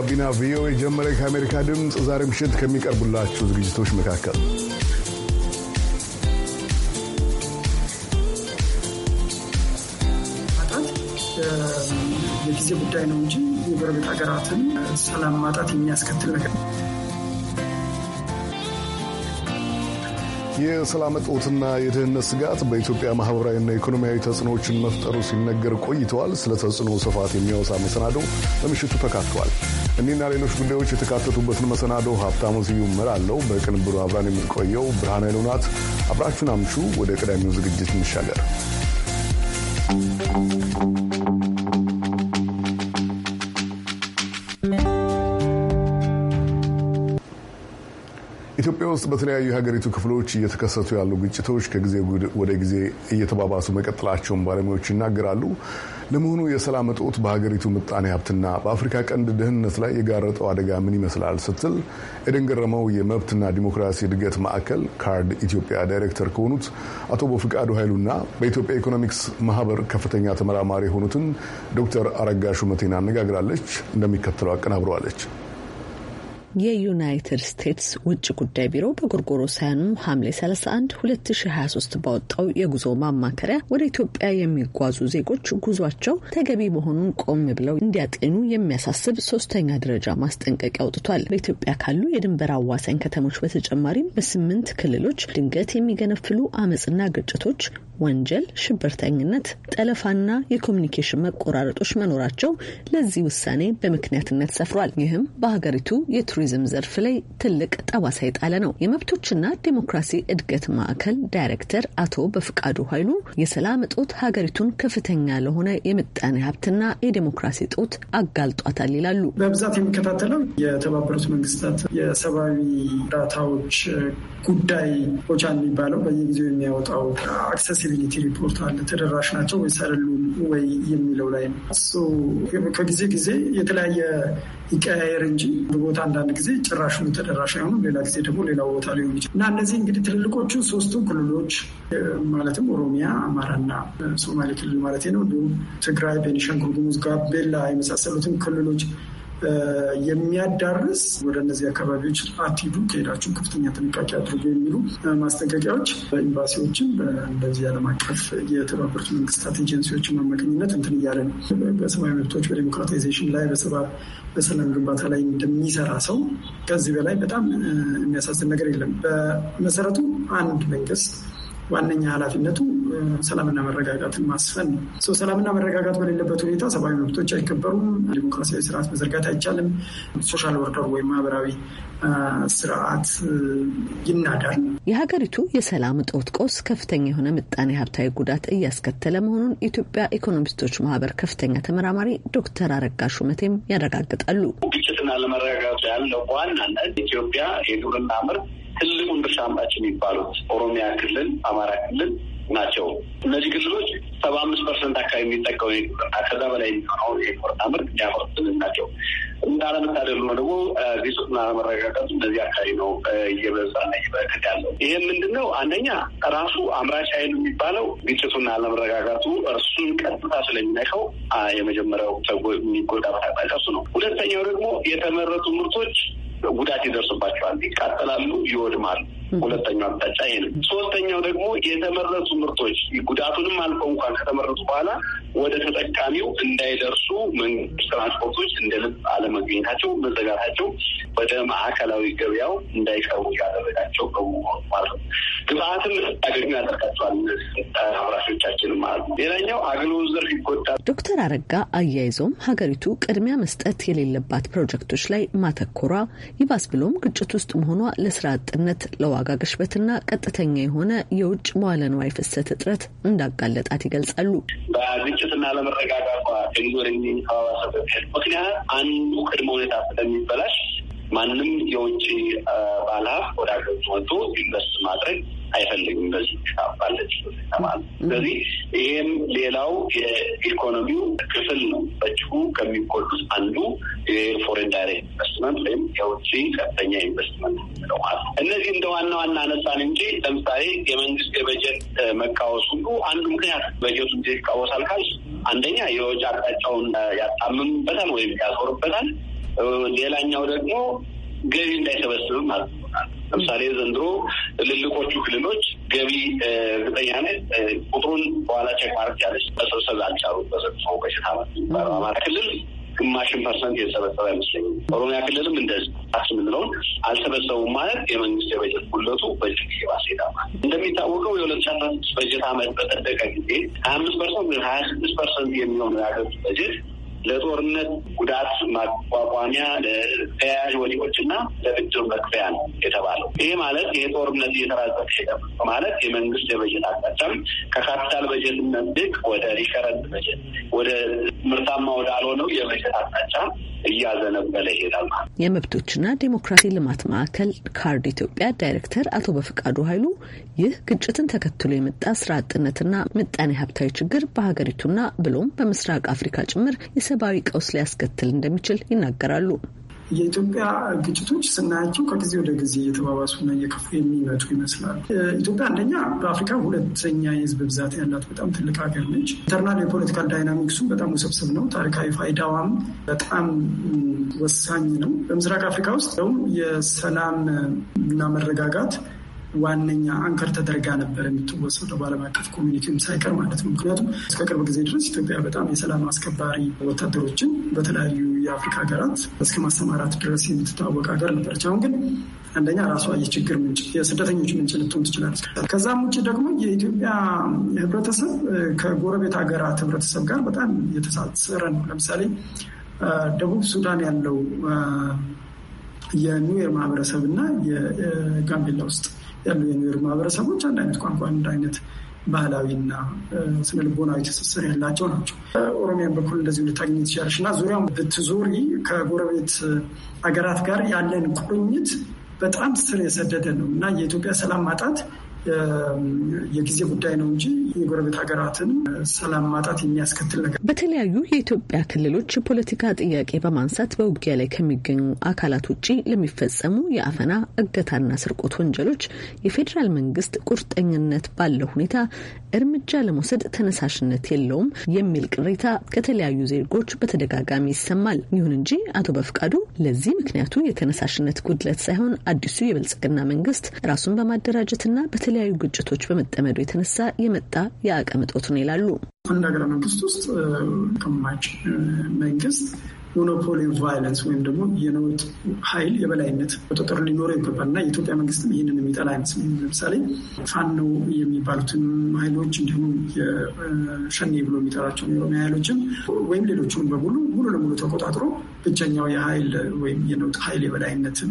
ጋቢና ቪኦኤ ጀመረ። ከአሜሪካ ድምፅ ዛሬ ምሽት ከሚቀርቡላችሁ ዝግጅቶች መካከል የጊዜ ጉዳይ ነው እንጂ የጎረቤት ሀገራትን ሰላም ማጣት የሚያስከትል ነገር ነው። የሰላም እጦትና የድህነት ስጋት በኢትዮጵያ ማህበራዊና ኢኮኖሚያዊ ተጽዕኖዎችን መፍጠሩ ሲነገር ቆይተዋል። ስለ ተጽዕኖ ስፋት የሚያወሳ መሰናዶ በምሽቱ ተካቷል። እኒህና ሌሎች ጉዳዮች የተካተቱበትን መሰናዶ ሀብታሙ ስዩም እመራለሁ። በቅንብሩ አብራን የምትቆየው ብርሃን ኃይሉ ናት። አብራችሁን አምሹ። ወደ ቀዳሚው ዝግጅት እንሻገር። ኢትዮጵያ ውስጥ በተለያዩ የሀገሪቱ ክፍሎች እየተከሰቱ ያሉ ግጭቶች ከጊዜ ወደ ጊዜ እየተባባሱ መቀጠላቸውን ባለሙያዎች ይናገራሉ። ለመሆኑ የሰላም እጦት በሀገሪቱ ምጣኔ ሀብትና በአፍሪካ ቀንድ ደህንነት ላይ የጋረጠው አደጋ ምን ይመስላል ስትል ኤደን ገረመው የመብትና ዲሞክራሲ እድገት ማዕከል ካርድ ኢትዮጵያ ዳይሬክተር ከሆኑት አቶ በፍቃዱ ኃይሉና በኢትዮጵያ ኢኮኖሚክስ ማህበር ከፍተኛ ተመራማሪ የሆኑትን ዶክተር አረጋ ሹመቴን አነጋግራለች። እንደሚከተለው አቀናብረዋለች። የዩናይትድ ስቴትስ ውጭ ጉዳይ ቢሮ በጎርጎሮሳውያኑ ሐምሌ 31 2023 ባወጣው የጉዞ ማማከሪያ ወደ ኢትዮጵያ የሚጓዙ ዜጎች ጉዟቸው ተገቢ መሆኑን ቆም ብለው እንዲያጤኑ የሚያሳስብ ሶስተኛ ደረጃ ማስጠንቀቂያ አውጥቷል። በኢትዮጵያ ካሉ የድንበር አዋሳኝ ከተሞች በተጨማሪም በስምንት ክልሎች ድንገት የሚገነፍሉ አመፅና ግጭቶች ወንጀል፣ ሽብርተኝነት፣ ጠለፋና የኮሚኒኬሽን መቆራረጦች መኖራቸው ለዚህ ውሳኔ በምክንያትነት ሰፍሯል። ይህም በሀገሪቱ የቱሪ በቱሪዝም ዘርፍ ላይ ትልቅ ጠባሳ የጣለ ነው። የመብቶችና ዴሞክራሲ እድገት ማዕከል ዳይሬክተር አቶ በፍቃዱ ኃይሉ የሰላም እጦት ሀገሪቱን ከፍተኛ ለሆነ የምጣኔ ሀብትና የዴሞክራሲ እጦት አጋልጧታል ይላሉ። በብዛት የሚከታተለው የተባበሩት መንግስታት የሰብአዊ እርዳታዎች ጉዳይ ቦቻ የሚባለው በየጊዜው የሚያወጣው አክሰሲቢሊቲ ሪፖርት አለ። ተደራሽ ናቸው ወይ አይደሉም ወይ የሚለው ላይ ነው። ከጊዜ ጊዜ የተለያየ ይቀያየር እንጂ በቦታ አንዳንድ ጊዜ ጭራሹኑ ተደራሽ አይሆኑም፣ ሌላ ጊዜ ደግሞ ሌላ ቦታ ሊሆን ይችላል እና እነዚህ እንግዲህ ትልልቆቹ ሶስቱ ክልሎች ማለትም ኦሮሚያ፣ አማራና ሶማሌ ክልል ማለት ነው። እንዲሁም ትግራይ፣ ቤኒሻንጉል ጉሙዝ፣ ጋምቤላ የመሳሰሉትን ክልሎች የሚያዳርስ ወደ እነዚህ አካባቢዎች አትሂዱ፣ ከሄዳችሁ ከፍተኛ ጥንቃቄ አድርጉ የሚሉ ማስጠንቀቂያዎች ኤምባሲዎችን በዚህ ዓለም አቀፍ የተባበሩት መንግስታት ኤጀንሲዎችን አማካኝነት እንትን እያለ ነው። በሰብአዊ መብቶች በዲሞክራታይዜሽን ላይ በሰላም ግንባታ ላይ እንደሚሰራ ሰው ከዚህ በላይ በጣም የሚያሳዝን ነገር የለም። በመሰረቱ አንድ መንግስት ዋነኛ ኃላፊነቱ ሰላምና መረጋጋትን ማስፈን ነው። ሰላምና መረጋጋት በሌለበት ሁኔታ ሰብአዊ መብቶች አይከበሩም፣ ዲሞክራሲያዊ ስርዓት መዘርጋት አይቻልም፣ ሶሻል ወርደር ወይም ማህበራዊ ስርዓት ይናዳል። የሀገሪቱ የሰላም እጦት ቀውስ ከፍተኛ የሆነ ምጣኔ ሀብታዊ ጉዳት እያስከተለ መሆኑን የኢትዮጵያ ኢኮኖሚስቶች ማህበር ከፍተኛ ተመራማሪ ዶክተር አረጋ ሹመቴም ያረጋግጣሉ። ግጭትና ለመረጋጋቱ ያለው በዋናነት ኢትዮጵያ የግብርና ምርት ትልቁን ድርሻ አምጣች የሚባሉት ኦሮሚያ ክልል፣ አማራ ክልል ናቸው። እነዚህ ክልሎች ሰባ አምስት ፐርሰንት አካባቢ የሚጠቀሙ ከዛ በላይ የሚሆነው የኮረና ምርት የሚያመርቱልን ናቸው። እንዳለመታደሉ ነው ደግሞ ግጭትና መረጋጋቱ እንደዚህ አካባቢ ነው እየበዛና እየበረከት ያለው። ይህ ምንድን ነው? አንደኛ ራሱ አምራች ኃይሉ የሚባለው ግጭቱና አለመረጋጋቱ እርሱን ቀጥታ ስለሚነካው የመጀመሪያው ሰው የሚጎዳ ታጣቂ እሱ ነው። ሁለተኛው ደግሞ የተመረቱ ምርቶች ጉዳት ይደርስባቸዋል፣ ይቃጠላሉ፣ ይወድማሉ። ሁለተኛው አቅጣጫ ይሄ ነው። ሶስተኛው ደግሞ የተመረቱ ምርቶች ጉዳቱንም አልፈው እንኳን ከተመረቱ በኋላ ወደ ተጠቃሚው እንዳይደርሱ መንግስት ትራንስፖርቶች እንደ ልብ አለመገኘታቸው፣ መዘጋታቸው ወደ ማዕከላዊ ገበያው እንዳይቀሩ ያደረጋቸው በመሆኑ ማለት ነው። ግብአትም ያገኙ ያደርጋቸዋል አምራቾቻችን ማለት ነው። ሌላኛው አገልግሎት ዘርፍ ይጎዳል። ዶክተር አረጋ አያይዘውም ሀገሪቱ ቅድሚያ መስጠት የሌለባት ፕሮጀክቶች ላይ ማተኮሯ ይባስ ብሎም ግጭት ውስጥ መሆኗ ለስራ አጥነት ለዋ የዋጋ ግሽበትና ቀጥተኛ የሆነ የውጭ መዋለ ንዋይ ፍሰት እጥረት እንዳጋለጣት ይገልጻሉ። በግጭትና ለመረጋጋት የሚወር የሚተባባሰበት ምክንያት አንዱ ቅድመ ሁኔታ ስለሚበላሽ ማንም የውጭ ባለሀብት ወደ ሀገር ወጥቶ ኢንቨስት ማድረግ አይፈልግም። በዚህ ባለች ተማል ስለዚህ ይህም ሌላው የኢኮኖሚው ክፍል ነው። በእጅጉ ከሚጎዱት አንዱ የፎሬን ዳይሬክት ኢንቨስትመንት ወይም የውጭ ቀጥተኛ ኢንቨስትመንት ለዋል እነዚህ እንደ ዋና ዋና አነሳን እንጂ ለምሳሌ የመንግስት የበጀት መቃወስ ሁሉ አንዱ ምክንያት በጀቱ እንዴት ይቃወሳል ካልሽ አንደኛ የወጪ አቅጣጫውን ያጣምምበታል ወይም ያዞርበታል። ሌላኛው ደግሞ ገቢ እንዳይሰበስብም ማለት ነው። ለምሳሌ ዘንድሮ ትልልቆቹ ክልሎች ገቢ እርግጠኛ ቁጥሩን በኋላ ቼክ ማድረግ ያለች መሰብሰብ አልቻሉ በዘጥፈው በሽታ የሚባለው አማራ ክልል ግማሽን ፐርሰንት የተሰበሰበ አይመስለኝም። ኦሮሚያ ክልልም እንደዚህ ታክስ የምንለውን አልሰበሰቡም ማለት የመንግስት የበጀት ጉለቱ በእጅግ ጊዜ ባስሄዳ ማለት እንደሚታወቀው የሁለት ሺ አስራ ስድስት በጀት አመት በጠደቀ ጊዜ ሀያ አምስት ፐርሰንት ሀያ ስድስት ፐርሰንት የሚሆነው የሀገሪቱ በጀት ለጦርነት ጉዳት ማቋቋሚያ፣ ለተያያዥ ወጪዎች እና ለብድር መክፈያ ነው የተባለው። ይሄ ማለት ይሄ ጦርነት እየተራዘመ ሄደ ማለት የመንግስት የበጀት አቅጣጫም ከካፒታል በጀት መንድቅ ወደ ሪከረንት በጀት ወደ ምርታማ ወዳልሆነው የበጀት አቅጣጫ እያዘነበለ ይሄዳል። የመብቶችና ዴሞክራሲ ልማት ማዕከል ካርድ ኢትዮጵያ ዳይሬክተር አቶ በፍቃዱ ኃይሉ ይህ ግጭትን ተከትሎ የመጣ ስራ አጥነትና ምጣኔ ሀብታዊ ችግር በሀገሪቱና ብሎም በምስራቅ አፍሪካ ጭምር የሰብአዊ ቀውስ ሊያስከትል እንደሚችል ይናገራሉ። የኢትዮጵያ ግጭቶች ስናያቸው ከጊዜ ወደ ጊዜ እየተባባሱና እየከፉ የሚመጡ ይመስላሉ። ኢትዮጵያ አንደኛ በአፍሪካ ሁለተኛ የህዝብ ብዛት ያላት በጣም ትልቅ ሀገር ነች። ኢንተርናል የፖለቲካል ዳይናሚክሱ በጣም ውስብስብ ነው። ታሪካዊ ፋይዳዋም በጣም ወሳኝ ነው። በምስራቅ አፍሪካ ውስጥ ም የሰላም እና መረጋጋት ዋነኛ አንከር ተደርጋ ነበር የምትወሰደው በዓለም አቀፍ ኮሚኒቲም ሳይቀር ማለት ነው። ምክንያቱም እስከ ቅርብ ጊዜ ድረስ ኢትዮጵያ በጣም የሰላም አስከባሪ ወታደሮችን በተለያዩ የአፍሪካ ሀገራት እስከ ማሰማራት ድረስ የምትታወቅ ሀገር ነበረች። አሁን ግን አንደኛ ራሷ የችግር ምንጭ የስደተኞች ምንጭ ልትሆን ትችላለች። ከዛም ውጭ ደግሞ የኢትዮጵያ ህብረተሰብ ከጎረቤት ሀገራት ህብረተሰብ ጋር በጣም የተሳሰረ ነው። ለምሳሌ ደቡብ ሱዳን ያለው የኑዌር ማህበረሰብ እና የጋምቤላ ውስጥ ያሉ የሚኖሩ ማህበረሰቦች አንድ አይነት ቋንቋ፣ አንድ አይነት ባህላዊና ስነልቦናዊ ትስስር ያላቸው ናቸው። ኦሮሚያን በኩል እንደዚህ ልታገኝ ትችላለች እና ዙሪያውን ብትዞሪ ከጎረቤት ሀገራት ጋር ያለን ቁርኝት በጣም ስር የሰደደ ነው እና የኢትዮጵያ ሰላም ማጣት የጊዜ ጉዳይ ነው እንጂ የጎረቤት ሀገራትን ሰላም ማጣት የሚያስከትል ነገር። በተለያዩ የኢትዮጵያ ክልሎች የፖለቲካ ጥያቄ በማንሳት በውጊያ ላይ ከሚገኙ አካላት ውጭ ለሚፈጸሙ የአፈና እገታና ስርቆት ወንጀሎች የፌዴራል መንግስት ቁርጠኝነት ባለው ሁኔታ እርምጃ ለመውሰድ ተነሳሽነት የለውም የሚል ቅሬታ ከተለያዩ ዜጎች በተደጋጋሚ ይሰማል። ይሁን እንጂ አቶ በፍቃዱ ለዚህ ምክንያቱ የተነሳሽነት ጉድለት ሳይሆን አዲሱ የብልጽግና መንግስት ራሱን በማደራጀትና በተ በተለያዩ ግጭቶች በመጠመዱ የተነሳ የመጣ የአቅም እጦት ነው ይላሉ። አንድ ሀገረ መንግስት ውስጥ ቅማጭ መንግስት ሞኖፖሊ ቫይለንስ ወይም ደግሞ የነውጥ ኃይል የበላይነት ቁጥጥር ሊኖረው ይገባል እና የኢትዮጵያ መንግስትም ይህንን የሚጠላ አይመስለኝም። ለምሳሌ ፋኖ የሚባሉትን ኃይሎች እንዲሁም የሸኔ ብሎ የሚጠራቸው የኦሮሚያ ኃይሎችም ወይም ሌሎችን በሙሉ ሙሉ ለሙሉ ተቆጣጥሮ ብቸኛው የኃይል ወይም የነውጥ ኃይል የበላይነትን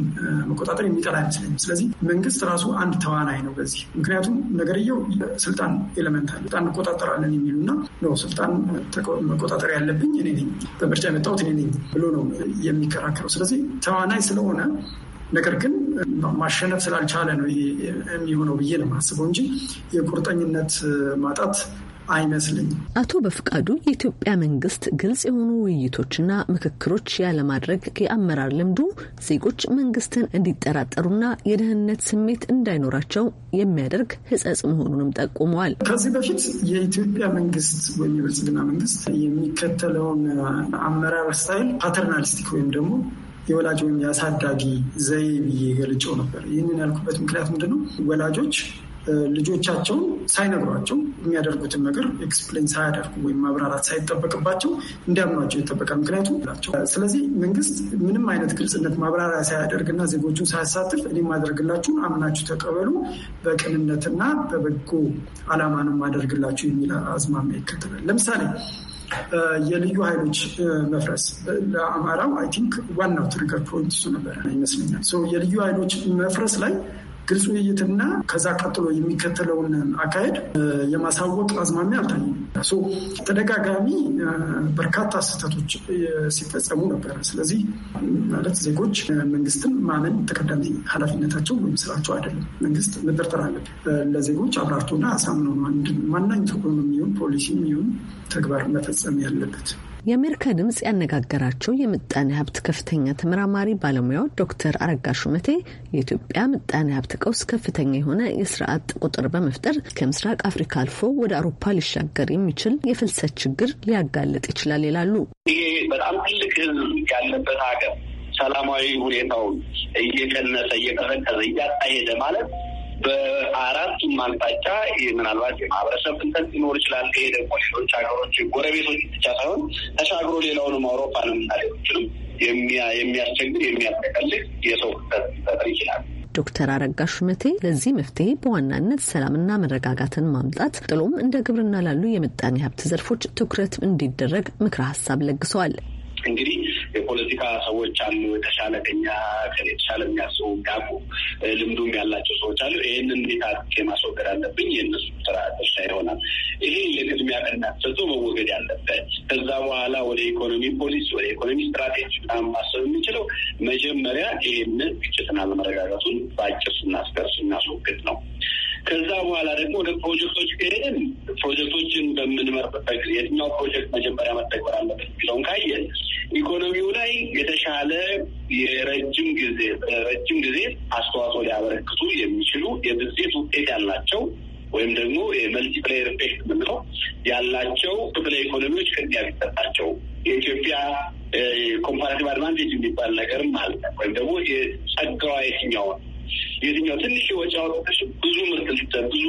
መቆጣጠር የሚጠላ አይመስለኝም። ስለዚህ መንግስት ራሱ አንድ ተዋናይ ነው በዚህ ምክንያቱም ነገርየው ስልጣን ኤለመንት አለ ስልጣን እንቆጣጠራለን የሚሉና ስልጣን መቆጣጠር ያለብኝ እኔ ነኝ በምርጫ የመጣሁት እኔ ነኝ ብሎ ነው የሚከራከረው። ስለዚህ ተዋናይ ስለሆነ ነገር ግን ማሸነፍ ስላልቻለ ነው የሚሆነው ብዬ ነው የማስበው እንጂ የቁርጠኝነት ማጣት አይመስለኝም። አቶ በፍቃዱ የኢትዮጵያ መንግስት ግልጽ የሆኑ ውይይቶችና ምክክሮች ያለማድረግ የአመራር ልምዱ ዜጎች መንግስትን እንዲጠራጠሩና የደህንነት ስሜት እንዳይኖራቸው የሚያደርግ ህጸጽ መሆኑንም ጠቁመዋል። ከዚህ በፊት የኢትዮጵያ መንግስት ወይም የብልጽግና መንግስት የሚከተለውን አመራር ስታይል ፓተርናሊስቲክ ወይም ደግሞ የወላጅ ወይም የአሳዳጊ ዘዬ ብዬ ገልጨው ነበር። ይህንን ያልኩበት ምክንያት ምንድነው? ወላጆች ልጆቻቸውን ሳይነግሯቸው የሚያደርጉትን ነገር ኤክስፕሌን ሳያደርጉ ወይም ማብራራት ሳይጠበቅባቸው እንዲያምኗቸው የጠበቀ ምክንያቱ ላቸው። ስለዚህ መንግስት ምንም አይነት ግልጽነት ማብራሪያ ሳያደርግና ዜጎቹን ሳያሳትፍ እኔ ማደርግላችሁን አምናችሁ ተቀበሉ፣ በቅንነትና በበጎ አላማንም ማደርግላችሁ የሚል አዝማሚያ ይከተላል። ለምሳሌ የልዩ ኃይሎች መፍረስ ለአማራው አይ ቲንክ ዋናው ትሪገር ፖይንት እሱ ይመስለኛል። የልዩ ኃይሎች መፍረስ ላይ ግልጽ ውይይትና ከዛ ቀጥሎ የሚከተለውን አካሄድ የማሳወቅ አዝማሚያ አልታየም። ተደጋጋሚ በርካታ ስህተቶች ሲፈጸሙ ነበረ። ስለዚህ ማለት ዜጎች መንግስትን ማመን ተቀዳሚ ኃላፊነታቸው ወይም ስራቸው አይደለም። መንግስት መጠርጠር አለበት። ለዜጎች አብራርቶና ማናኝ ማናኝቱ የሚሆን ፖሊሲ የሚሆን ተግባር መፈጸም ያለበት። የአሜሪካ ድምጽ ያነጋገራቸው የምጣኔ ሀብት ከፍተኛ ተመራማሪ ባለሙያው ዶክተር አረጋ ሹመቴ የኢትዮጵያ ምጣኔ ሀብት ቀውስ ከፍተኛ የሆነ የስርዓት ቁጥር በመፍጠር ከምስራቅ አፍሪካ አልፎ ወደ አውሮፓ ሊሻገር የሚችል የፍልሰት ችግር ሊያጋልጥ ይችላል ይላሉ። ይሄ በጣም ትልቅ ህዝብ ያለበት ሀገር ሰላማዊ ሁኔታውን እየቀነሰ እየቀዘቀዘ እያጣሄደ ማለት በአራቱም አቅጣጫ ምናልባት የማህበረሰብ ፍልሰት ሊኖር ይችላል። ይሄ ደግሞ ሌሎች ሀገሮች ጎረቤቶች ብቻ ሳይሆን ተሻግሮ ሌላውንም አውሮፓንም እና ሌሎችንም የሚያስቸግር የሚያጠቀልቅ የሰው ፍልሰት ሊፈጥር ይችላል። ዶክተር አረጋ ሹመቴ ለዚህ መፍትሄ በዋናነት ሰላምና መረጋጋትን ማምጣት ጥሎም እንደ ግብርና ላሉ የምጣኔ ሀብት ዘርፎች ትኩረት እንዲደረግ ምክረ ሀሳብ ለግሰዋል። እንግዲህ የፖለቲካ ሰዎች አሉ። የተሻለ ከኛ የተሻለ የሚያስቡ ዳቁ ልምዱም ያላቸው ሰዎች አሉ። ይህንን እንዴት አድርጌ ማስወገድ አለብኝ? የእነሱ ስራ ድርሻ ይሆናል። ይሄ የቅድሚያ ቅድሚያ ተሰጥቶ መወገድ ያለበት። ከዛ በኋላ ወደ ኢኮኖሚ ፖሊሲ፣ ወደ ኢኮኖሚ ስትራቴጂ ምናምን ማሰብ የምንችለው መጀመሪያ ይህን ግጭትና አለመረጋጋቱን በአጭር ስናስገር ስናስወግድ ነው። ከዛ በኋላ ደግሞ ወደ ፕሮጀክቶች ከሄድን ፕሮጀክቶችን በምንመርጥበት ጊዜ የትኛው ፕሮጀክት መጀመሪያ መተግበር አለበት የሚለውን ካየን ኢኮኖሚው ላይ የተሻለ የረጅም ጊዜ ረጅም ጊዜ አስተዋጽኦ ሊያበረክቱ የሚችሉ የብዜት ውጤት ያላቸው ወይም ደግሞ የመልቲፕሌየር ኢፌክት ምንለው ያላቸው ክፍለ ኢኮኖሚዎች ቅድሚያ ቢሰጣቸው የኢትዮጵያ ኮምፓራቲቭ አድቫንቴጅ የሚባል ነገርም አለ። ወይም ደግሞ የጸጋዋ የትኛውን የትኛው ትንሽ ወጪ አውጥተሽ ብዙ ምርት ብዙ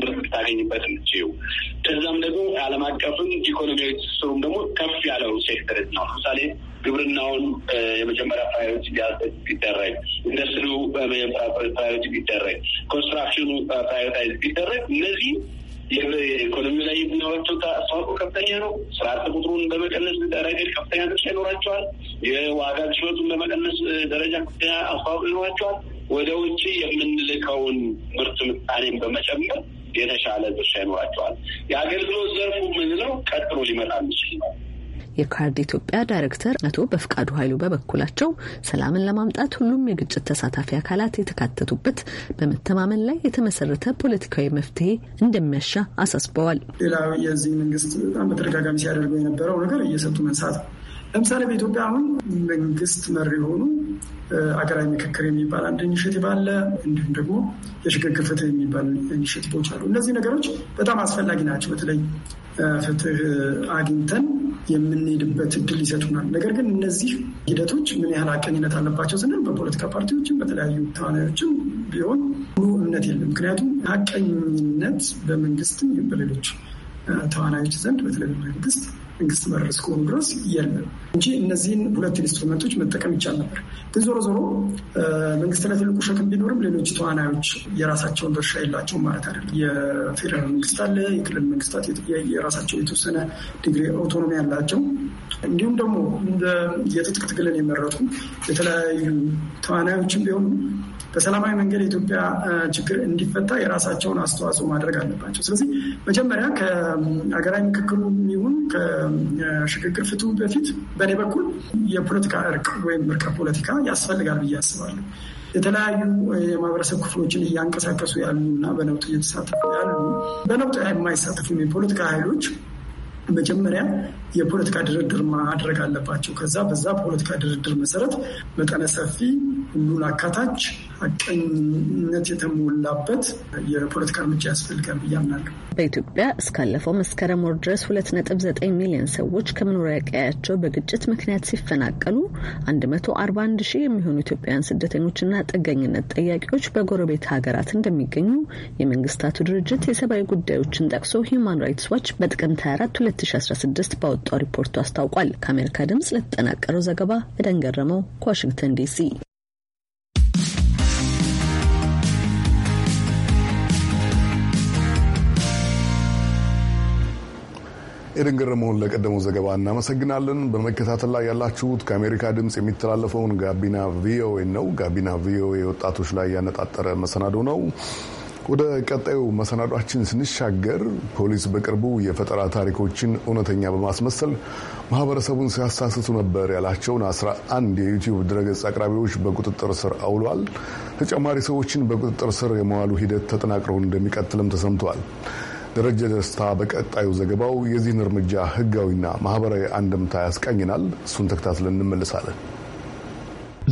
ምርት ልታገኝበት የምትችይው። ከዛም ደግሞ ዓለም አቀፍም ኢኮኖሚያዊ ትስስሩም ደግሞ ከፍ ያለው ሴክተር ነው። ለምሳሌ ግብርናውን የመጀመሪያ ፕራዮሪቲ ቢደረግ፣ ኢንዱስትሪው ፕራዮሪቲ ቢደረግ፣ ኮንስትራክሽኑ ፕራዮሪታይዝ ቢደረግ እነዚህ የኢኮኖሚ ላይ የሚኖራቸው አስተዋጽኦ ከፍተኛ ነው። ስራ አጥ ቁጥሩን በመቀነስ ረገድ ከፍተኛ ድርሻ ይኖራቸዋል። የዋጋ ግሽበቱን በመቀነስ ደረጃ ከፍተኛ አስተዋጽኦ ይኖራቸዋል። ወደ ውጭ የምንልከውን ምርት ምጣኔን በመጨመር የተሻለ ድርሻ ይኖራቸዋል። የአገልግሎት ዘርፉ ምንለው ቀጥሎ ሊመጣ የሚችል ነው። የካርድ ኢትዮጵያ ዳይሬክተር አቶ በፍቃዱ ኃይሉ በበኩላቸው ሰላምን ለማምጣት ሁሉም የግጭት ተሳታፊ አካላት የተካተቱበት በመተማመን ላይ የተመሰረተ ፖለቲካዊ መፍትሄ እንደሚያሻ አሳስበዋል። ሌላው የዚህ መንግስት በጣም በተደጋጋሚ ሲያደርገው የነበረው ነገር እየሰጡ መንሳት ነው። ለምሳሌ በኢትዮጵያ አሁን መንግስት መሪ የሆኑ አገራዊ ምክክር የሚባል አንድ ኢኒሽቲቭ አለ። እንዲሁም ደግሞ የሽግግር ፍትህ የሚባል ኢኒሽቲቮች አሉ። እነዚህ ነገሮች በጣም አስፈላጊ ናቸው። በተለይ ፍትህ አግኝተን የምንሄድበት እድል ይሰጡናል። ነገር ግን እነዚህ ሂደቶች ምን ያህል አቀኝነት አለባቸው ስንል በፖለቲካ ፓርቲዎችም በተለያዩ ተዋናዮችም ቢሆን ሙሉ እምነት የለም። ምክንያቱም አቀኝነት በመንግስትም በሌሎች ተዋናዮች ዘንድ በተለይ መንግስት መንግስት መር እስከሆኑ ድረስ የለም እንጂ እነዚህን ሁለት ኢንስትሩመንቶች መጠቀም ይቻል ነበር። ግን ዞሮ ዞሮ መንግስት ላይ ትልቁ ሸክም ቢኖርም ሌሎች ተዋናዮች የራሳቸውን ድርሻ የላቸውም ማለት አይደለም። የፌዴራል መንግስት አለ፣ የክልል መንግስታት የራሳቸው የተወሰነ ዲግሪ ኦቶኖሚ ያላቸው እንዲሁም ደግሞ የትጥቅ ትግልን የመረጡ የተለያዩ ተዋናዮችን ቢሆኑ በሰላማዊ መንገድ የኢትዮጵያ ችግር እንዲፈታ የራሳቸውን አስተዋጽኦ ማድረግ አለባቸው። ስለዚህ መጀመሪያ ከሀገራዊ ምክክሩ ይሁን ከሽግግር ፍትሁ በፊት በእኔ በኩል የፖለቲካ እርቅ ወይም እርቀ ፖለቲካ ያስፈልጋል ብዬ አስባለሁ። የተለያዩ የማህበረሰብ ክፍሎችን እያንቀሳቀሱ ያሉ እና በነውጥ እየተሳተፉ ያሉ በነውጥ የማይሳተፉ የፖለቲካ ኃይሎች መጀመሪያ የፖለቲካ ድርድር ማድረግ አለባቸው። ከዛ በዛ ፖለቲካ ድርድር መሰረት መጠነ ሰፊ ሁሉን አካታች ሀቀኝነት የተሞላበት የፖለቲካ እርምጃ ያስፈልጋል ብዬ አምናለሁ። በኢትዮጵያ እስካለፈው መስከረም ወር ድረስ 2.9 ሚሊዮን ሰዎች ከመኖሪያ ቀያቸው በግጭት ምክንያት ሲፈናቀሉ አንድ ሺህ የሚሆኑ ኢትዮጵያውያን ስደተኞችና ጥገኝነት ጠያቂዎች በጎረቤት ሀገራት እንደሚገኙ የመንግስታቱ ድርጅት የሰብአዊ ጉዳዮችን ጠቅሶ ሂውማን ራይትስ ዋች በጥቅምት 24 2016 ባወጣው ሪፖርቱ አስታውቋል። ከአሜሪካ ድምጽ ለተጠናቀረው ዘገባ በደን ገረመው ከዋሽንግተን ዲሲ ኤደን ገረመውን ለቀደመው ዘገባ እናመሰግናለን። በመከታተል ላይ ያላችሁት ከአሜሪካ ድምፅ የሚተላለፈውን ጋቢና ቪኦኤ ነው። ጋቢና ቪኦኤ ወጣቶች ላይ ያነጣጠረ መሰናዶ ነው። ወደ ቀጣዩ መሰናዷችን ስንሻገር ፖሊስ በቅርቡ የፈጠራ ታሪኮችን እውነተኛ በማስመሰል ማህበረሰቡን ሲያሳስቱ ነበር ያላቸውን አስራ አንድ የዩቲዩብ ድረገጽ አቅራቢዎች በቁጥጥር ስር አውሏል። ተጨማሪ ሰዎችን በቁጥጥር ስር የመዋሉ ሂደት ተጠናቅረው እንደሚቀጥልም ተሰምተዋል። ደረጀ ደስታ በቀጣዩ ዘገባው የዚህን እርምጃ ህጋዊና ማህበራዊ አንድምታ ያስቃኝናል። እሱን ተከታትለን እንመልሳለን።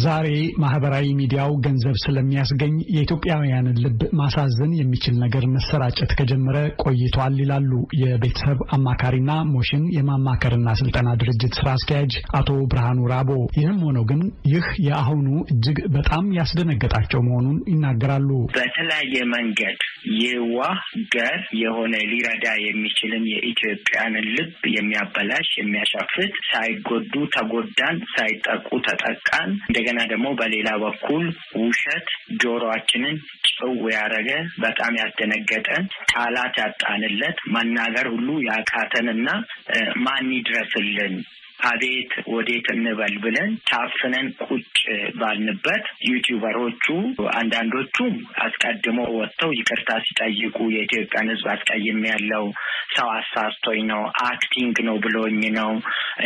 ዛሬ ማህበራዊ ሚዲያው ገንዘብ ስለሚያስገኝ የኢትዮጵያውያንን ልብ ማሳዘን የሚችል ነገር መሰራጨት ከጀመረ ቆይቷል ይላሉ የቤተሰብ አማካሪና ሞሽን የማማከርና ስልጠና ድርጅት ስራ አስኪያጅ አቶ ብርሃኑ ራቦ። ይህም ሆነው ግን ይህ የአሁኑ እጅግ በጣም ያስደነገጣቸው መሆኑን ይናገራሉ። በተለያየ መንገድ የዋህ ገር የሆነ ሊረዳ የሚችልን የኢትዮጵያንን ልብ የሚያበላሽ የሚያሻፍት ሳይጎዱ ተጎዳን፣ ሳይጠቁ ተጠቃን እንደገና ደግሞ በሌላ በኩል ውሸት ጆሮአችንን ጭው ያደረገ በጣም ያስደነገጠን ቃላት ያጣንለት መናገር ሁሉ ያቃተንና ማን ይድረስልን አቤት ወዴት እንበል ብለን ታፍነን ቁጭ ባልንበት ዩቲዩበሮቹ አንዳንዶቹም አስቀድሞ ወጥተው ይቅርታ ሲጠይቁ የኢትዮጵያን ሕዝብ አስቀይም ያለው ሰው አሳስቶኝ ነው አክቲንግ ነው ብሎኝ ነው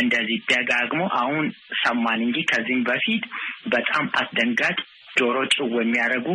እንደዚህ ደጋግሞ አሁን ሰማን እንጂ ከዚህም በፊት በጣም አስደንጋጭ ዶሮ ጭው የሚያደርጉ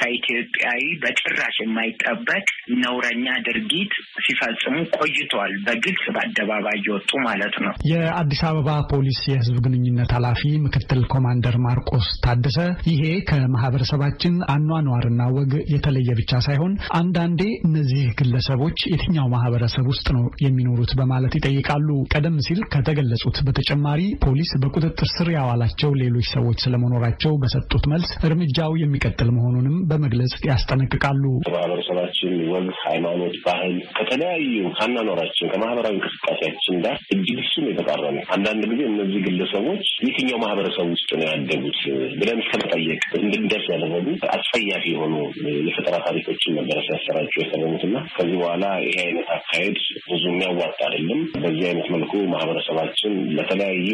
ከኢትዮጵያዊ በጭራሽ የማይጠበቅ ነውረኛ ድርጊት ሲፈጽሙ ቆይተዋል። በግልጽ በአደባባይ የወጡ ማለት ነው። የአዲስ አበባ ፖሊስ የህዝብ ግንኙነት ኃላፊ ምክትል ኮማንደር ማርቆስ ታደሰ ይሄ ከማህበረሰባችን አኗኗርና ወግ የተለየ ብቻ ሳይሆን አንዳንዴ እነዚህ ግለሰቦች የትኛው ማህበረሰብ ውስጥ ነው የሚኖሩት በማለት ይጠይቃሉ። ቀደም ሲል ከተገለጹት በተጨማሪ ፖሊስ በቁጥጥር ስር ያዋላቸው ሌሎች ሰዎች ስለመኖራቸው በሰጡት መልስ እርምጃው የሚቀጥል መሆኑንም በመግለጽ ያስጠነቅቃሉ። ማህበረሰባችን ወግ፣ ሃይማኖት፣ ባህል ከተለያዩ አናኗራችን ከማህበራዊ እንቅስቃሴያችን ጋር እጅግ እሱም የተቃረነ አንዳንድ ጊዜ እነዚህ ግለሰቦች የትኛው ማህበረሰብ ውስጥ ነው ያደጉት ብለን እስከመጠየቅ እንድንደርስ ያደረጉ አስፈያፊ የሆኑ የፈጠራ ታሪኮችን ነበረ ሲያሰራጩ የሰለሙትና ከዚህ በኋላ ይሄ አይነት አካሄድ ብዙ የሚያዋጣ አይደለም። በዚህ አይነት መልኩ ማህበረሰባችን ለተለያዩ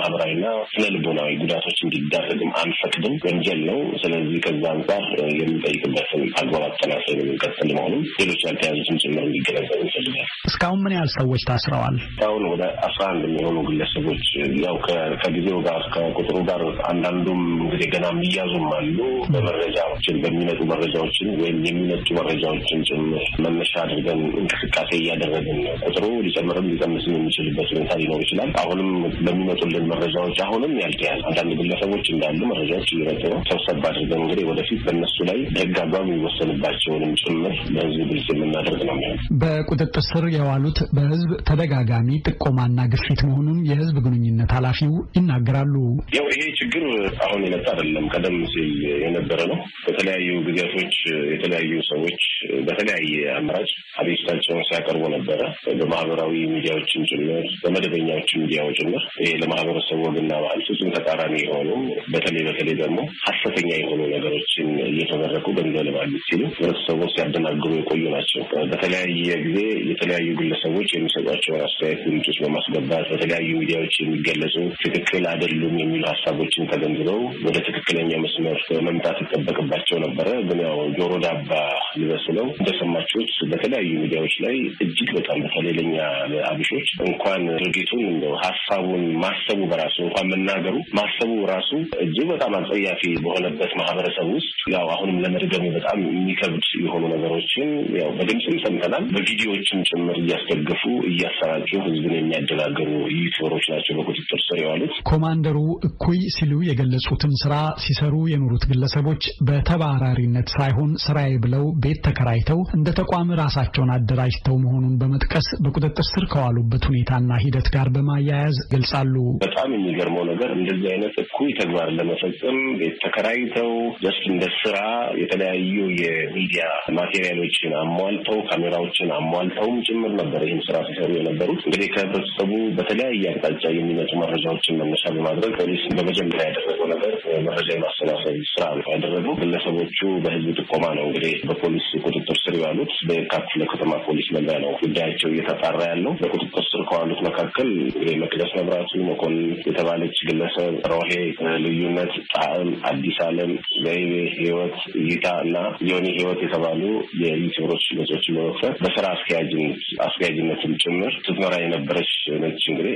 ማህበራዊና ስነልቦናዊ ጉዳቶች እንዲዳረግም አንፈቅድም፣ ወንጀል ነው። ስለዚህ ከዛ አንጻር የምንጠይቅበትን አግባብ አጠናክረን የምንቀጥል መሆኑም ሌሎች ያልተያዙትን ጭምር እንዲገነዘቡ እንፈልጋለን። እስካሁን ምን ያህል ሰዎች ታስረዋል? እስካሁን ወደ አስራ አንድ የሚሆኑ ግለሰቦች ያው ከጊዜው ጋር ከቁጥሩ ጋር አንዳንዱም እንግዲህ ገና የሚያዙም አሉ። በመረጃዎችን በሚመጡ መረጃዎችን ወይም የሚመጡ መረጃዎችን ጭምር መነሻ አድርገን እንቅስቃሴ እያደረግን ነው። ቁጥሩ ሊጨምርም ሊቀንስም የሚችልበት ሁኔታ ሊኖር ይችላል። አሁንም በሚመጡልን መረጃዎች አሁንም ያልተያዙ አንዳንድ ግለሰቦች እንዳሉ መረጃዎች እየመጡ ነው። ሰብሰብ አድርገን እንግዲህ ወደፊት በነሱ ላይ ህግ አግባብ የሚወሰንባቸውንም ጭምር በህዝብ ግልጽ የምናደርግ ነው የሚሆን። በቁጥጥር ስር የዋሉት በህዝብ ተደጋጋሚ ጥቆማና ግፊት መሆኑን የህዝብ ግንኙነት ኃላፊው ይናገራሉ። ያው ይሄ ችግር አሁን የመጣ አይደለም፣ ቀደም ሲል የነበረ ነው። በተለያዩ ጊዜያቶች የተለያዩ ሰዎች በተለያየ አማራጭ አቤቱታቸውን ሲያቀርቡ ነበረ። በማህበራዊ ሚዲያዎችን ጭምር በመደበኛዎች ሚዲያው ጭምር ይሄ ለማህበረሰቡ ወግና ባህል ፍጹም ተቃራኒ የሆኑ በተለይ በተለይ ደግሞ ሀሰተኛ የሆኑ ነገሮችን እየተ እያሸበረቁ ገንዘብ ልማሉ ሲሉ ህብረተሰቦች ሲያደናግሩ የቆዩ ናቸው። በተለያየ ጊዜ የተለያዩ ግለሰቦች የሚሰጧቸውን አስተያየት ምንጮች በማስገባት በተለያዩ ሚዲያዎች የሚገለጹ ትክክል አይደሉም የሚሉ ሀሳቦችን ተገንዝበው ወደ ትክክለኛ መስመር መምጣት ይጠበቅባቸው ነበረ። ግን ያው ጆሮ ዳባ ልበስ ነው። እንደሰማችሁት በተለያዩ ሚዲያዎች ላይ እጅግ በጣም በተለይ አብሾች እንኳን ድርጊቱን እንደው ሀሳቡን ማሰቡ በራሱ እንኳን መናገሩ ማሰቡ ራሱ እጅግ በጣም አጸያፊ በሆነበት ማህበረሰብ ውስጥ ያው አሁንም ለመድገሙ በጣም የሚከብድ የሆኑ ነገሮችን ያው በድምፅም ሰምተናል፣ በቪዲዮዎችም ጭምር እያስደገፉ እያሰራጩ ህዝብን የሚያደጋገሩ ዩቲዩበሮች ናቸው በቁጥጥር ስር የዋሉት። ኮማንደሩ እኩይ ሲሉ የገለጹትን ስራ ሲሰሩ የኖሩት ግለሰቦች በተባራሪነት ሳይሆን ስራዬ ብለው ቤት ተከራይተው እንደ ተቋም ራሳቸውን አደራጅተው መሆኑን በመጥቀስ በቁጥጥር ስር ከዋሉበት ሁኔታና ሂደት ጋር በማያያዝ ገልጻሉ። በጣም የሚገርመው ነገር እንደዚህ አይነት እኩይ ተግባር ለመፈጸም ቤት ተከራይተው ጀስት እንደ ስራ የተለያዩ የሚዲያ ማቴሪያሎችን አሟልተው ካሜራዎችን አሟልተውም ጭምር ነበር ይህን ስራ ሲሰሩ የነበሩት። እንግዲህ ከህብረተሰቡ በተለያየ አቅጣጫ የሚመጡ መረጃዎችን መነሻ በማድረግ ፖሊስ በመጀመሪያ ያደረገው ነገር መረጃ የማሰባሰብ ስራ ነው ያደረጉ። ግለሰቦቹ በህዝብ ጥቆማ ነው እንግዲህ በፖሊስ ቁጥጥር ስር ያሉት። በየካ ክፍለ ከተማ ፖሊስ መምሪያ ነው ጉዳያቸው እየተጣራ ያለው። በቁጥጥር ስር ከዋሉት መካከል መቅደስ መብራቱ መኮንን የተባለች ግለሰብ፣ ሮሄ ልዩነት፣ ጣዕም፣ አዲስ አለም፣ ዘይቤ ህይወት እይታ እና የሆነ ህይወት የተባሉ የዩቲዩበሮች ገጾች በመክፈት በስራ አስኪያጅነት አስኪያጅነትም ጭምር ስትመራ የነበረች ነች። እንግዲህ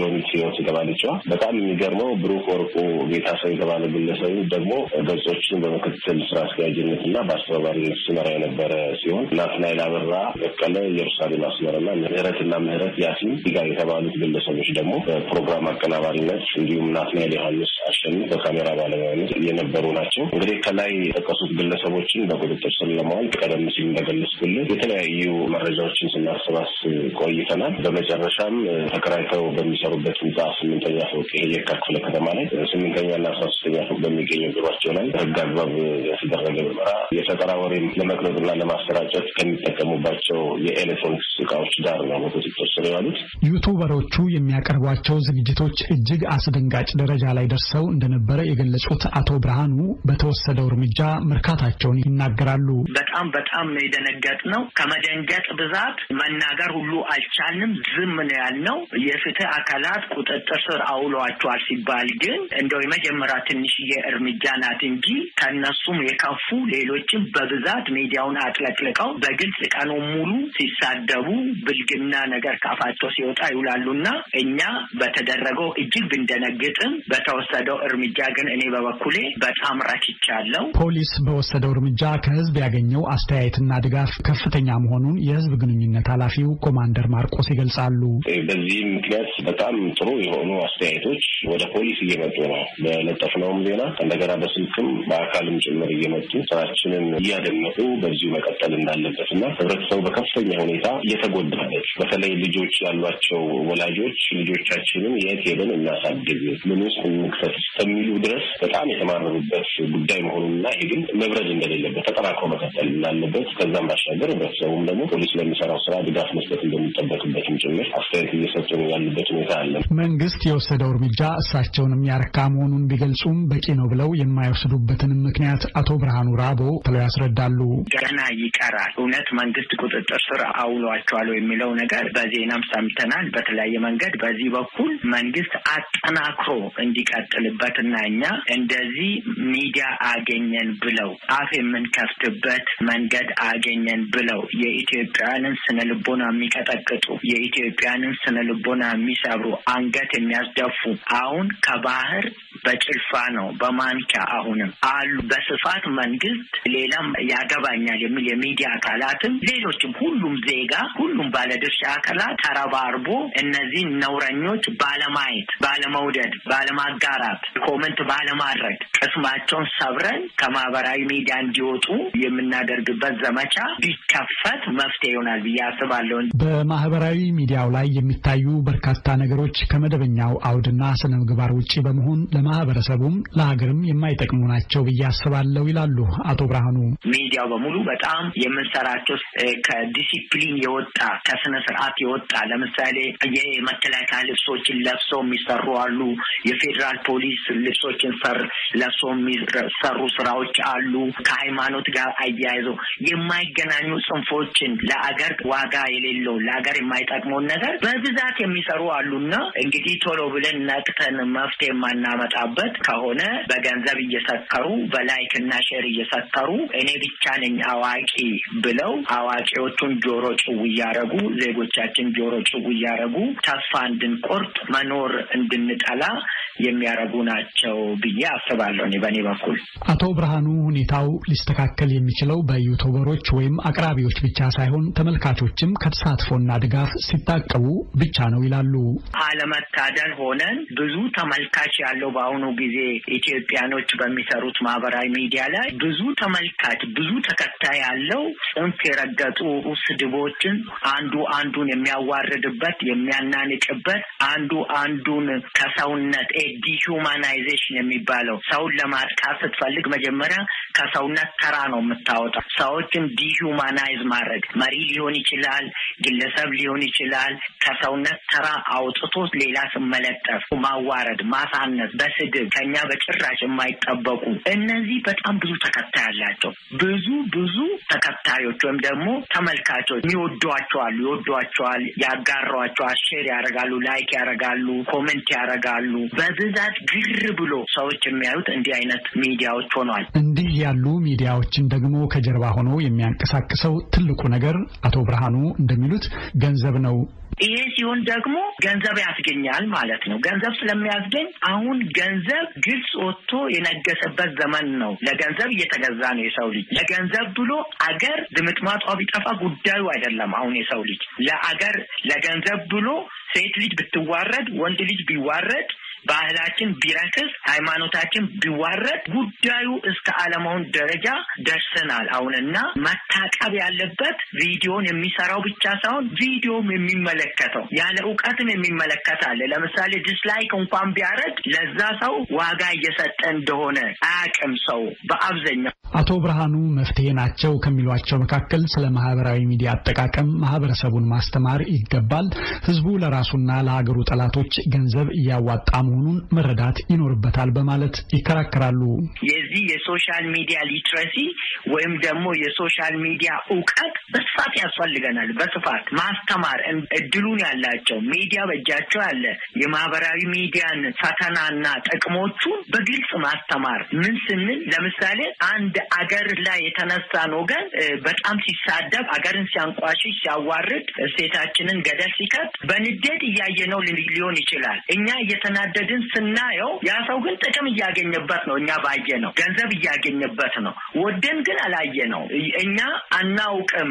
የሆነ ህይወት የተባለችዋ በጣም የሚገርመው ብሩክ ወርቁ ጌታሰው የተባለ ግለሰቡ ደግሞ ገጾችን በምክትል ስራ አስኪያጅነት እና በአስተባባሪነት ስትመራ የነበረ ሲሆን ናትናኤል አበራ በቀለ፣ ኢየሩሳሌም አስመር ምህረትና ምህረት ምህረት ያሲን ዲጋ የተባሉት ግለሰቦች ደግሞ በፕሮግራም አቀናባሪነት እንዲሁም ናትናኤል ዮሐንስ አሸኒ በካሜራ ባለሙያነት የነበሩ ናቸው። እንግዲህ ከላይ የተጠቀሱት ግለሰቦችን በቁጥጥር ስር ለማዋል ቀደም ሲል እንደገለጽኩልን የተለያዩ መረጃዎችን ስናሰባስብ ቆይተናል። በመጨረሻም ተከራይተው በሚሰሩበት ህንፃ ስምንተኛ ፎቅ የየካ ክፍለ ከተማ ላይ ስምንተኛና አስራ ሶስተኛ ፎቅ በሚገኘው ቢሯቸው ላይ በህግ አግባብ የተደረገ ምርመራ የፈጠራ ወሬም ለመቅረጽና ለማሰራጨት ከሚጠቀሙባቸው የኤሌክትሮኒክስ እቃዎች ጋር ነው በቁጥጥር ስር የዋሉት። ዩቱበሮቹ የሚያቀርቧቸው ዝግጅቶች እጅግ አስደንጋጭ ደረጃ ላይ ደርሰው እንደነበረ የገለጹት አቶ ብርሃኑ በተወሰደው እርምጃ መርካታቸውን ይናገራሉ። በጣም በጣም ነው የደነገጥ ነው። ከመደንገጥ ብዛት መናገር ሁሉ አልቻልንም። ዝም ነው ያልነው። የፍትህ አካላት ቁጥጥር ስር አውሏቸዋል ሲባል ግን እንደው የመጀመሪያ ትንሽዬ እርምጃ ናት እንጂ ከእነሱም የከፉ ሌሎችም በብዛት ሚዲያውን አጥለቅልቀው በግልጽ ቀኑ ሙሉ ሲሳደቡ ብልግና ነገር ካፋቸው ሲወጣ ይውላሉና እኛ በተደረገው እጅግ ብንደነግጥም በተወሰደው እርምጃ ግን እኔ በበኩሌ በጣም ረክቻለሁ። ፖሊ ፖሊስ በወሰደው እርምጃ ከህዝብ ያገኘው አስተያየትና ድጋፍ ከፍተኛ መሆኑን የህዝብ ግንኙነት ኃላፊው ኮማንደር ማርቆስ ይገልጻሉ። በዚህም ምክንያት በጣም ጥሩ የሆኑ አስተያየቶች ወደ ፖሊስ እየመጡ ነው። በለጠፍነውም ዜና እንደገና በስልክም በአካልም ጭምር እየመጡ ስራችንን እያደመጡ በዚሁ መቀጠል እንዳለበት እና ህብረተሰቡ በከፍተኛ ሁኔታ እየተጎዳበት በተለይ ልጆች ያሏቸው ወላጆች ልጆቻችንን የት ሄደን እናሳድግ፣ ምን ውስጥ እንክተት እስከሚሉ ድረስ በጣም የተማረሩበት ጉዳይ መሆኑንና ይሄ ግን መብረድ እንደሌለበት ተጠናክሮ መቀጠል እንዳለበት ከዛም ባሻገር ህብረተሰቡም ደግሞ ፖሊስ ለሚሰራው ስራ ድጋፍ መስጠት እንደሚጠበቅበትም ጭምር አስተያየት እየሰጡ ያሉበት ሁኔታ አለ። መንግስት የወሰደው እርምጃ እሳቸውን የሚያረካ መሆኑን ቢገልጹም በቂ ነው ብለው የማይወስዱበትንም ምክንያት አቶ ብርሃኑ ራቦ ብለው ያስረዳሉ። ገና ይቀራል። እውነት መንግስት ቁጥጥር ስር አውሏቸዋል የሚለው ነገር በዜናም ሰምተናል። በተለያየ መንገድ በዚህ በኩል መንግስት አጠናክሮ እንዲቀጥልበትና እኛ እንደዚህ ሚዲያ አገኘን ብለው አፍ የምንከፍትበት መንገድ አገኘን ብለው የኢትዮጵያንን ስነ ልቦና የሚቀጠቅጡ የኢትዮጵያንን ስነ ልቦና የሚሰብሩ አንገት የሚያስደፉ አሁን ከባህር በጭልፋ ነው በማንኪያ አሁንም አሉ በስፋት መንግስት፣ ሌላም ያገባኛል የሚል የሚዲያ አካላትም፣ ሌሎችም ሁሉም ዜጋ፣ ሁሉም ባለድርሻ አካላት ተረባርቦ እነዚህ ነውረኞች ባለማየት፣ ባለመውደድ፣ ባለማጋራት፣ ኮመንት ባለማድረግ ቅስማቸውን ሰብረን ከማ ማህበራዊ ሚዲያ እንዲወጡ የምናደርግበት ዘመቻ ቢከፈት መፍትሄ ይሆናል ብዬ አስባለሁ። በማህበራዊ ሚዲያው ላይ የሚታዩ በርካታ ነገሮች ከመደበኛው አውድና ስነ ምግባር ውጭ በመሆን ለማህበረሰቡም ለሀገርም የማይጠቅሙ ናቸው ብዬ አስባለሁ ይላሉ አቶ ብርሃኑ። ሚዲያው በሙሉ በጣም የምንሰራቸው ከዲሲፕሊን የወጣ ከስነ ስርዓት የወጣ ለምሳሌ የመከላከያ ልብሶችን ለብሰው የሚሰሩ አሉ። የፌዴራል ፖሊስ ልብሶችን ሰር ለብሰው የሚሰሩ ስራዎች አሉ። ከሃይማኖት ጋር አያይዘው የማይገናኙ ጽንፎችን ለአገር ዋጋ የሌለው ለአገር የማይጠቅመውን ነገር በብዛት የሚሰሩ አሉና እንግዲህ ቶሎ ብለን ነቅተን መፍትሄ የማናመጣበት ከሆነ በገንዘብ እየሰከሩ በላይክ እና ሼር እየሰከሩ እኔ ብቻ ነኝ አዋቂ ብለው አዋቂዎቹን ጆሮ ጭው እያረጉ ዜጎቻችን ጆሮ ጭው እያረጉ ተስፋ እንድንቆርጥ መኖር እንድንጠላ የሚያረጉ ናቸው ብዬ አስባለሁ በእኔ በኩል። አቶ ብርሃኑ ሁኔታው ሊስተካከል የሚችለው በዩቱበሮች ወይም አቅራቢዎች ብቻ ሳይሆን ተመልካቾችም ከተሳትፎና ድጋፍ ሲታቀቡ ብቻ ነው ይላሉ። አለመታደል ሆነን ብዙ ተመልካች ያለው በአሁኑ ጊዜ ኢትዮጵያኖች በሚሰሩት ማህበራዊ ሚዲያ ላይ ብዙ ተመልካች ብዙ ተከታይ ያለው ጽንፍ የረገጡ ስድቦችን አንዱ አንዱን የሚያዋርድበት የሚያናንጭበት አንዱ አንዱን ከሰውነት ዲሁማናይዜሽን የሚባለው ሰውን ለማጥቃት ስትፈልግ መጀመሪያ ከሰውነት ተራ ነው የምታወጣው። ሰዎችን ዲሁማናይዝ ማድረግ መሪ ሊሆን ይችላል፣ ግለሰብ ሊሆን ይችላል። ከሰውነት ተራ አውጥቶ ሌላ ስመለጠፍ ማዋረድ፣ ማሳነስ በስድብ ከኛ በጭራሽ የማይጠበቁ እነዚህ በጣም ብዙ ተከታይ አላቸው። ብዙ ብዙ ተከታዮች ወይም ደግሞ ተመልካቾች ይወዷቸዋል፣ ይወዷቸዋል፣ ያጋሯቸዋል፣ ሼር ያደርጋሉ፣ ላይክ ያደርጋሉ፣ ኮሜንት ያደርጋሉ። በብዛት ግር ብሎ ሰዎች የሚያዩት እንዲህ አይነት ሚዲያዎች ሆኗል። እንዲህ ያሉ ሚዲያዎችን ደግሞ ከጀርባ ሆኖ የሚያንቀሳቅሰው ትልቁ ነገር አቶ ብርሃኑ እንደሚሉት ገንዘብ ነው። ይሄ ሲሆን ደግሞ ገንዘብ ያስገኛል ማለት ነው። ገንዘብ ስለሚያስገኝ አሁን ገንዘብ ግልጽ ወጥቶ የነገሰበት ዘመን ነው። ለገንዘብ እየተገዛ ነው የሰው ልጅ። ለገንዘብ ብሎ አገር ድምጥማጧ ቢጠፋ ጉዳዩ አይደለም። አሁን የሰው ልጅ ለአገር ለገንዘብ ብሎ ሴት ልጅ ብትዋረድ፣ ወንድ ልጅ ቢዋረድ ባህላችን ቢረክስ፣ ሃይማኖታችን ቢዋረድ ጉዳዩ እስከ አለማውን ደረጃ ደርሰናል አሁንና መታቀብ ያለበት ቪዲዮን የሚሰራው ብቻ ሳይሆን ቪዲዮም የሚመለከተው ያለ እውቀትም የሚመለከት አለ። ለምሳሌ ዲስላይክ እንኳን ቢያረግ ለዛ ሰው ዋጋ እየሰጠ እንደሆነ አያውቅም ሰው በአብዛኛው። አቶ ብርሃኑ መፍትሄ ናቸው ከሚሏቸው መካከል ስለ ማህበራዊ ሚዲያ አጠቃቀም ማህበረሰቡን ማስተማር ይገባል። ህዝቡ ለራሱና ለሀገሩ ጠላቶች ገንዘብ እያዋጣ መሆኑን መረዳት ይኖርበታል በማለት ይከራከራሉ። የዚህ የሶሻል ሚዲያ ሊትረሲ ወይም ደግሞ የሶሻል ሚዲያ እውቀት በስፋት ያስፈልገናል። በስፋት ማስተማር እድሉን ያላቸው ሚዲያ በእጃቸው ያለ የማህበራዊ ሚዲያን ፈተናና ጥቅሞቹን በግልጽ ማስተማር ምን ስንል ለምሳሌ አንድ አገር ላይ የተነሳን ወገን በጣም ሲሳደብ፣ አገርን ሲያንቋሽሽ፣ ሲያዋርድ፣ እሴታችንን ገደል ሲከት በንዴት እያየነው ሊሆን ይችላል። እኛ እየተናደ መንገድን ስናየው ያ ሰው ግን ጥቅም እያገኘበት ነው። እኛ ባየ ነው ገንዘብ እያገኘበት ነው። ወደን ግን አላየ ነው። እኛ አናውቅም።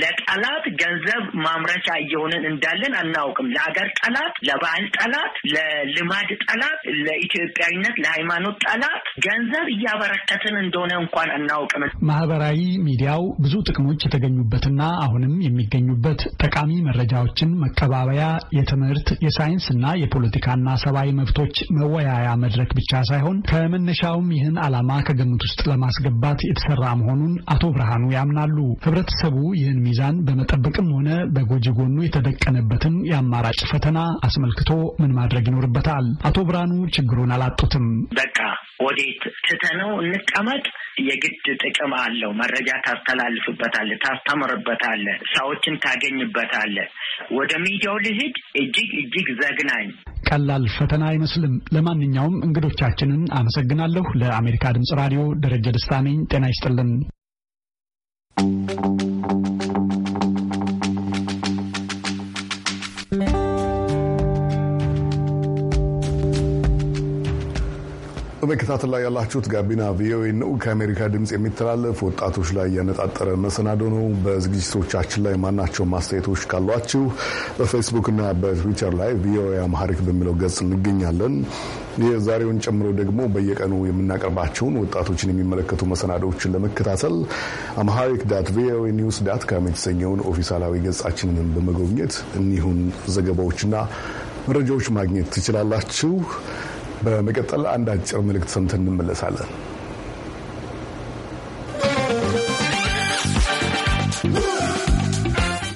ለጠላት ገንዘብ ማምረቻ እየሆንን እንዳለን አናውቅም። ለሀገር ጠላት፣ ለባህል ጠላት፣ ለልማድ ጠላት፣ ለኢትዮጵያዊነት፣ ለሃይማኖት ጠላት ገንዘብ እያበረከትን እንደሆነ እንኳን አናውቅም። ማህበራዊ ሚዲያው ብዙ ጥቅሞች የተገኙበትና አሁንም የሚገኙበት ጠቃሚ መረጃዎችን መቀባበያ፣ የትምህርት፣ የሳይንስና የፖለቲካና ሰብአዊ መብት መብቶች መወያያ መድረክ ብቻ ሳይሆን ከመነሻውም ይህን ዓላማ ከግምት ውስጥ ለማስገባት የተሰራ መሆኑን አቶ ብርሃኑ ያምናሉ። ህብረተሰቡ ይህን ሚዛን በመጠበቅም ሆነ በጎጂ ጎኑ የተደቀነበትን የአማራጭ ፈተና አስመልክቶ ምን ማድረግ ይኖርበታል? አቶ ብርሃኑ ችግሩን አላጡትም። በቃ ወዴት ትተነው እንቀመጥ? የግድ ጥቅም አለው። መረጃ ታስተላልፍበታለህ፣ ታስተምርበታለህ፣ ሰዎችን ታገኝበታለህ። ወደ ሚዲያው ልሂድ። እጅግ እጅግ ዘግናኝ ቀላል ፈተና አይመስልም። ለማንኛውም እንግዶቻችንን አመሰግናለሁ። ለአሜሪካ ድምጽ ራዲዮ ደረጀ ደስታ ነኝ። ጤና ይስጥልን። በመከታተል ላይ ያላችሁት ጋቢና ቪኦኤ ነው። ከአሜሪካ ድምፅ የሚተላለፍ ወጣቶች ላይ ያነጣጠረ መሰናዶ ነው። በዝግጅቶቻችን ላይ ማናቸው ማስተያየቶች ካሏችሁ በፌስቡክና በትዊተር ላይ ቪኦኤ አማሪክ በሚለው ገጽ እንገኛለን። የዛሬውን ጨምሮ ደግሞ በየቀኑ የምናቀርባቸውን ወጣቶችን የሚመለከቱ መሰናዶዎችን ለመከታተል አምሃሪክ ዳት ቪኦኤ ኒውስ ዳት ካም የተሰኘውን ኦፊሳላዊ ገጻችንን በመጎብኘት እኒሁን ዘገባዎችና መረጃዎች ማግኘት ትችላላችሁ። በመቀጠል አንድ አጭር መልእክት ሰምተን እንመለሳለን።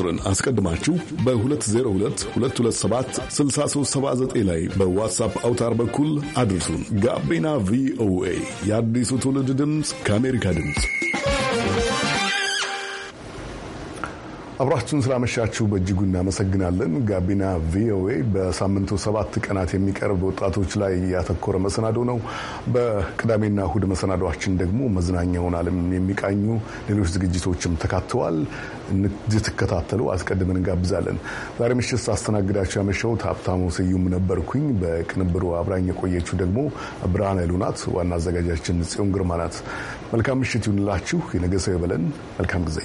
ቁጥርን አስቀድማችሁ በ 6379 ላይ በዋትሳፕ አውታር በኩል አድርሱን። ጋቢና ቪኦኤ የአዲሱ ትውልድ ድምፅ ከአሜሪካ ድምፅ አብራችሁን ስላመሻችሁ በእጅጉ እናመሰግናለን። ጋቢና ቪኦኤ በሳምንቱ ሰባት ቀናት የሚቀርብ ወጣቶች ላይ ያተኮረ መሰናዶ ነው። በቅዳሜና እሁድ መሰናዶችን ደግሞ መዝናኛውን ዓለም የሚቃኙ ሌሎች ዝግጅቶችም ተካተዋል። እንድትከታተሉ አስቀድመን እንጋብዛለን። ዛሬ ምሽት ሳስተናግዳችሁ ያመሸሁት ሀብታሙ ስዩም ነበርኩኝ። በቅንብሩ አብራኝ የቆየችው ደግሞ ብርሃን ሉናት፣ ናት። ዋና አዘጋጃችን ጽዮን ግርማ ናት። መልካም ምሽት ይሁንላችሁ። የነገ ሰው ይበለን። መልካም ጊዜ